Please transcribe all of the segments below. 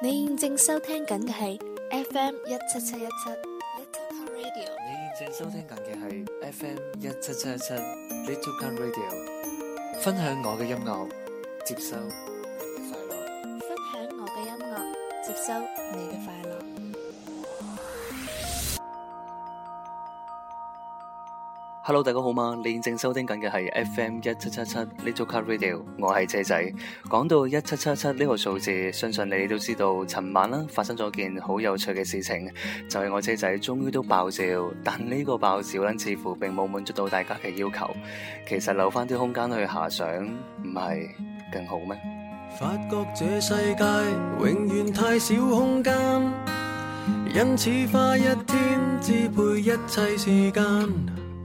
你現正收聽緊嘅係 FM 一七七一七 Little Cam Radio，你現正收聽緊嘅係 FM 一七七一七 Little Cam Radio，分享我嘅音樂，接收你嘅快樂，分享我嘅音樂，接收你嘅。hello，大家好嘛！你正收聽緊嘅係 FM 一七七七 Little Car Radio，我係車仔。講到一七七七呢個數字，相信你哋都知道，尋晚啦發生咗件好有趣嘅事情，就係、是、我車仔終於都爆照，但呢個爆照啦，似乎並冇滿足到大家嘅要求。其實留翻啲空間去遐想，唔係更好咩？發覺這世界永遠太少空間，因此花一天支配一切時間。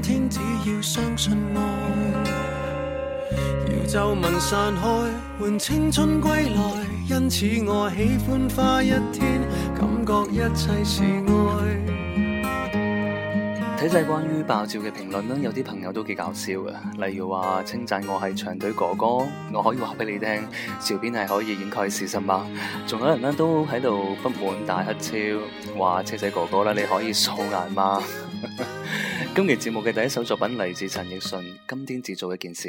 天只要相信愛，要皺紋散開，換青春歸來。因此我喜歡花一天，感覺一切是愛。睇晒關於爆照嘅評論呢，有啲朋友都幾搞笑嘅，例如話稱讚我係長腿哥哥，我可以話俾你聽，照片係可以掩蓋事實嗎？仲有人呢都喺度不滿大黑超，話車仔哥哥啦，你可以素顏嗎？ 中期節目嘅第一首作品嚟自陳奕迅《今天只做一件事》。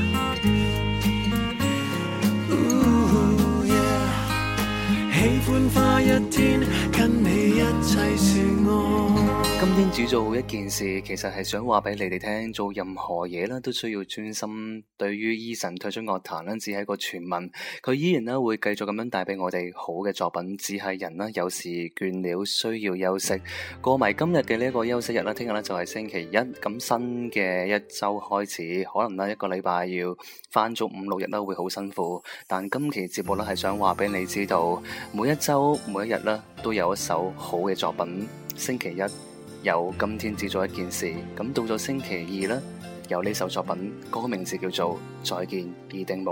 今天只做好一件事，其實係想話俾你哋聽，做任何嘢啦都需要專心。對於 Eason 退出樂壇咧，只係一個傳聞，佢依然咧會繼續咁樣帶俾我哋好嘅作品。只係人啦，有時倦了需要休息。過埋今日嘅呢一個休息日啦，聽日咧就係星期一，咁新嘅一周開始，可能咧一個禮拜要返足五六日啦，會好辛苦。但今期節目咧係想話俾你知道，每一。周每一日呢都有一首好嘅作品，星期一有今天只做一件事，咁到咗星期二呢有呢首作品，歌名字叫做《再見二丁目》。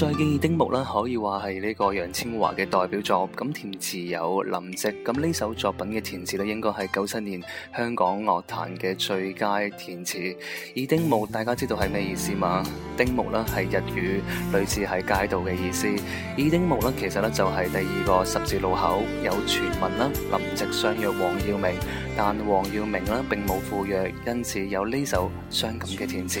再見，二丁目啦，可以話係呢個楊千嬅嘅代表作。咁填詞有林夕，咁呢首作品嘅填詞咧應該係九七年香港樂壇嘅最佳填詞。二丁目大家知道係咩意思嘛？丁目咧係日語，類似係街道嘅意思。二丁目咧其實咧就係、是、第二個十字路口，有傳聞啦，林夕相約黃耀明，但黃耀明咧並冇赴約，因此有呢首傷感嘅填詞。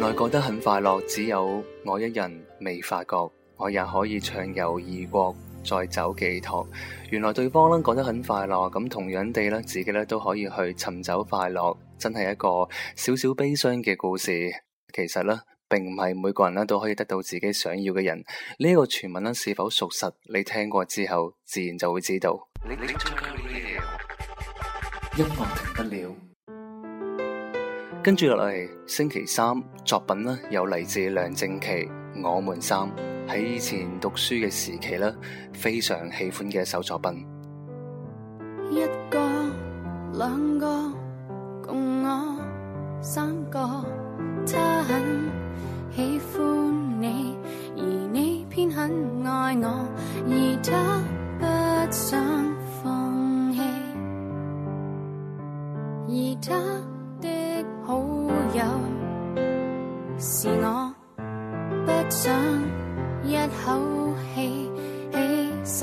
原來過得很快樂，只有我一人未發覺，我也可以暢遊異國，再找寄託。原來對方咧過得很快樂，咁同樣地咧自己咧都可以去尋找快樂，真係一個少少悲傷嘅故事。其實咧，並唔係每個人咧都可以得到自己想要嘅人。呢個傳聞咧是否屬實？你聽過之後，自然就會知道。音樂停不了。跟住落嚟，星期三作品咧，有嚟自梁靜奇《我們三》，喺以前讀書嘅時期咧，非常喜歡嘅一首作品。一個、兩個、共我、三個，他很喜歡你，而你偏很愛我，而他不想。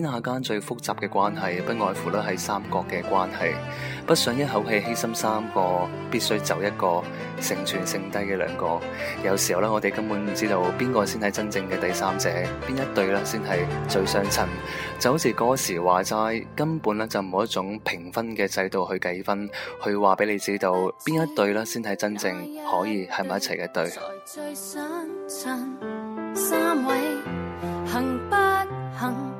天下間最複雜嘅關係，不外乎咧係三角嘅關係。不想一口氣犧牲三個，必須走一個成全剩低嘅兩個。有時候咧，我哋根本唔知道邊個先係真正嘅第三者，邊一對呢先係最相襯。就好似嗰時話齋，根本呢就冇一種評分嘅制度去計分，去話俾你知道邊一對呢先係真正可以喺埋一齊嘅對。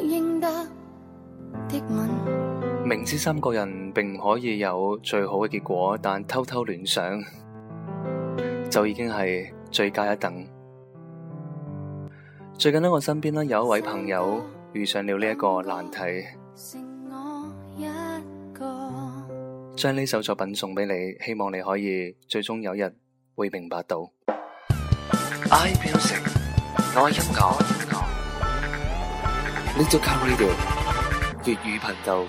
嗯、明知三個人並唔可以有最好嘅結果，但偷偷聯想就已經係最佳一等。最近呢，我身邊呢有一位朋友遇上了呢一個難題，將呢首作品送俾你，希望你可以最終有一日會明白到。I u i 荔枝 Radio 粵語頻道，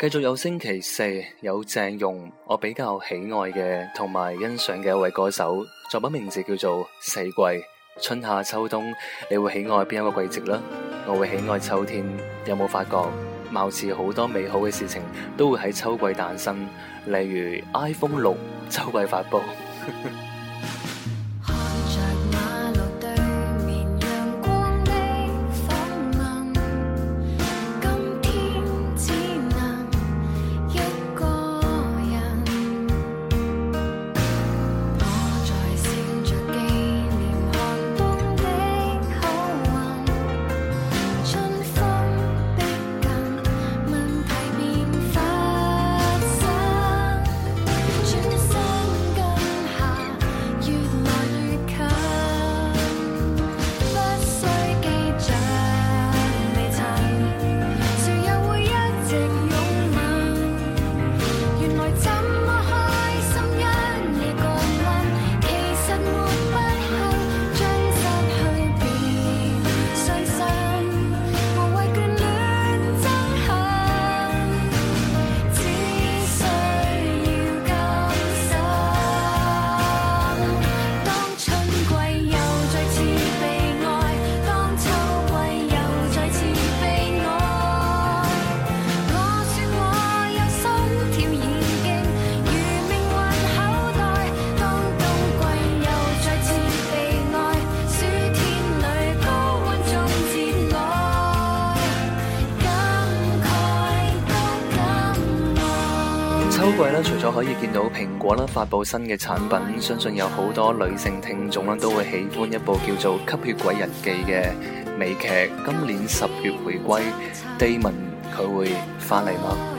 繼 續有星期四有鄭融，我比較喜愛嘅同埋欣賞嘅一位歌手，作品名字叫做《四季》，春夏秋冬，你會喜愛邊一個季節啦？我會喜愛秋天，有冇發覺？貌似，好多美好嘅事情都會喺秋季誕生，例如 iPhone 六秋季發佈。 除咗可以見到蘋果啦發布新嘅產品，相信有好多女性聽眾啦都會喜歡一部叫做《吸血鬼日記》嘅美劇，今年十月回歸，Damon 佢會翻嚟嗎？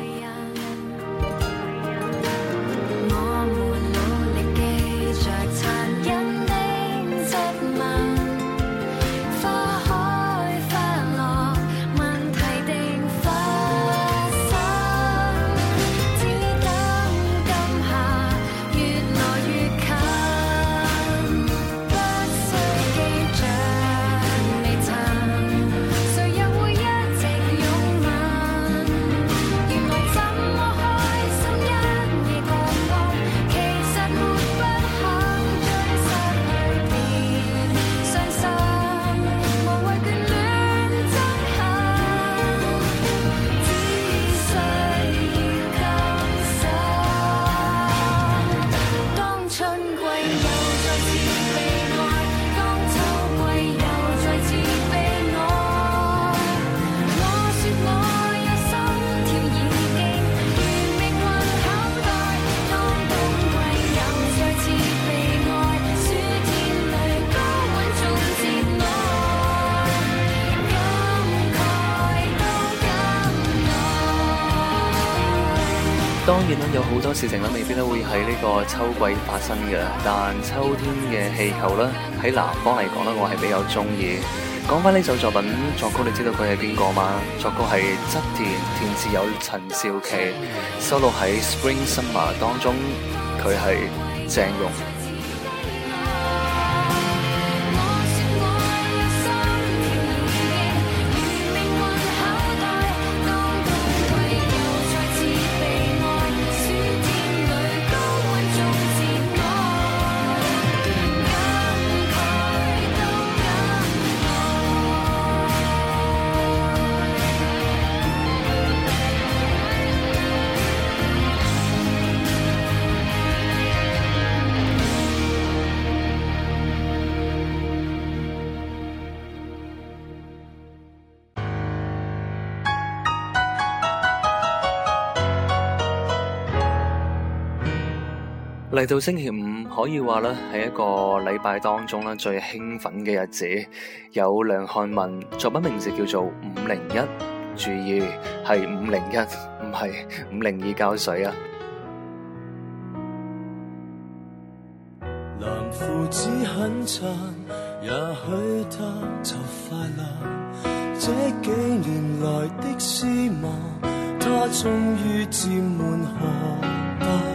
事情咧未必都會喺呢個秋季發生嘅，但秋天嘅氣候咧喺南方嚟講咧，我係比較中意。講返呢首作品作曲，你知道佢係邊個嗎？作曲係側田，填詞有陳少琪，收錄喺《Spring Summer》當中，佢係鄭融。來到星期五，可以話咧係一個禮拜當中最興奮嘅日子。有梁漢文作品名字叫做五零一，注意係五零一，唔係五零二膠水啊。兩父子很慘，也許他就快樂，這幾年來的希望他終於佔滿下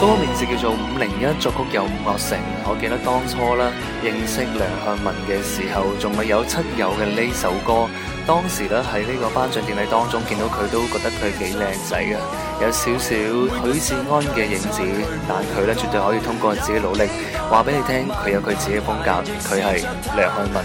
歌名就叫做《五零一》，作曲有伍樂城。我記得當初咧認識梁漢文嘅時候，仲未有七友嘅呢首歌。當時咧喺呢個頒獎典禮當中見到佢，都覺得佢幾靚仔嘅，有少少許志安嘅影子，但佢咧絕對可以通過自己努力，話俾你聽佢有佢自己風格，佢係梁漢文。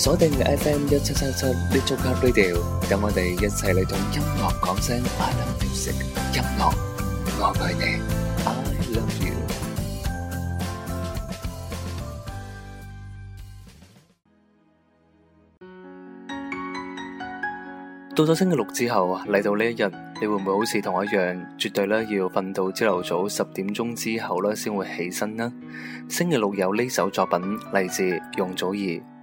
鎖定你 FM 一七三七的獨家配調，等我哋一齊嚟同音樂講聲 I love music。音樂，我愛你，I love you。到咗星期六之後，嚟到呢一日，你會唔會好似同我一樣，絕對咧要瞓到朝頭早十點鐘之後咧先會起身呢？星期六有呢首作品，嚟自容祖兒。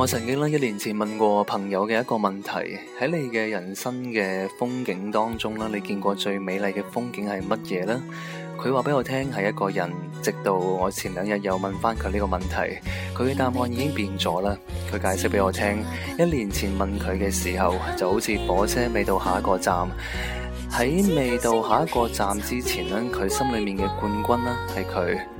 我曾經一年前問過朋友嘅一個問題，喺你嘅人生嘅風景當中咧,你見過最美麗嘅風景係乜嘢呢？佢話俾我聽係一個人。直到我前兩日又問翻佢呢個問題，佢嘅答案已經變咗啦。佢解釋俾我聽，一年前問佢嘅時候就好似火車未到下一個站，喺未到下一個站之前咧，佢心裏面嘅冠軍咧係佢。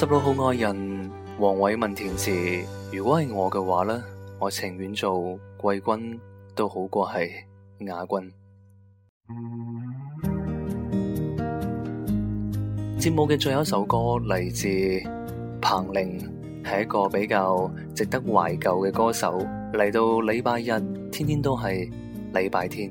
十六號愛人，黃偉文填詞。如果係我嘅話呢，我情願做季軍都好過係亞軍。嗯。節目嘅最後一首歌嚟自彭羚，係一個比較值得懷舊嘅歌手。嚟到禮拜日，天天都係禮拜天。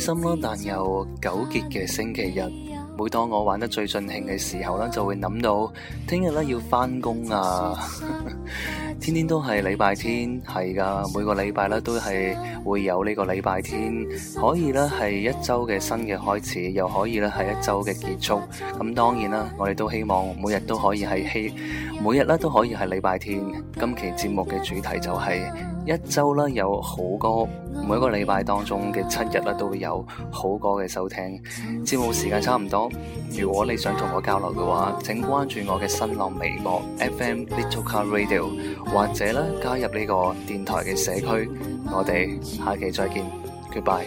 心咯，但又糾結嘅星期日，每當我玩得最盡興嘅時候呢，就會諗到聽日呢要返工啊。 天天都係禮拜天，係噶，每個禮拜咧都係會有呢個禮拜天，可以咧係一周嘅新嘅開始，又可以咧係一周嘅結束。咁當然啦，我哋都希望每日都可以係希，每日咧都可以係禮拜天。今期節目嘅主題就係一周啦，有好歌，每個禮拜當中嘅七日咧都會有好歌嘅收聽。節目時間差唔多，如果你想同我交流嘅話，請關注我嘅新浪微博 FM Little Car Radio。或者呢，加入呢個電台嘅社區，我哋下期再見，Goodbye。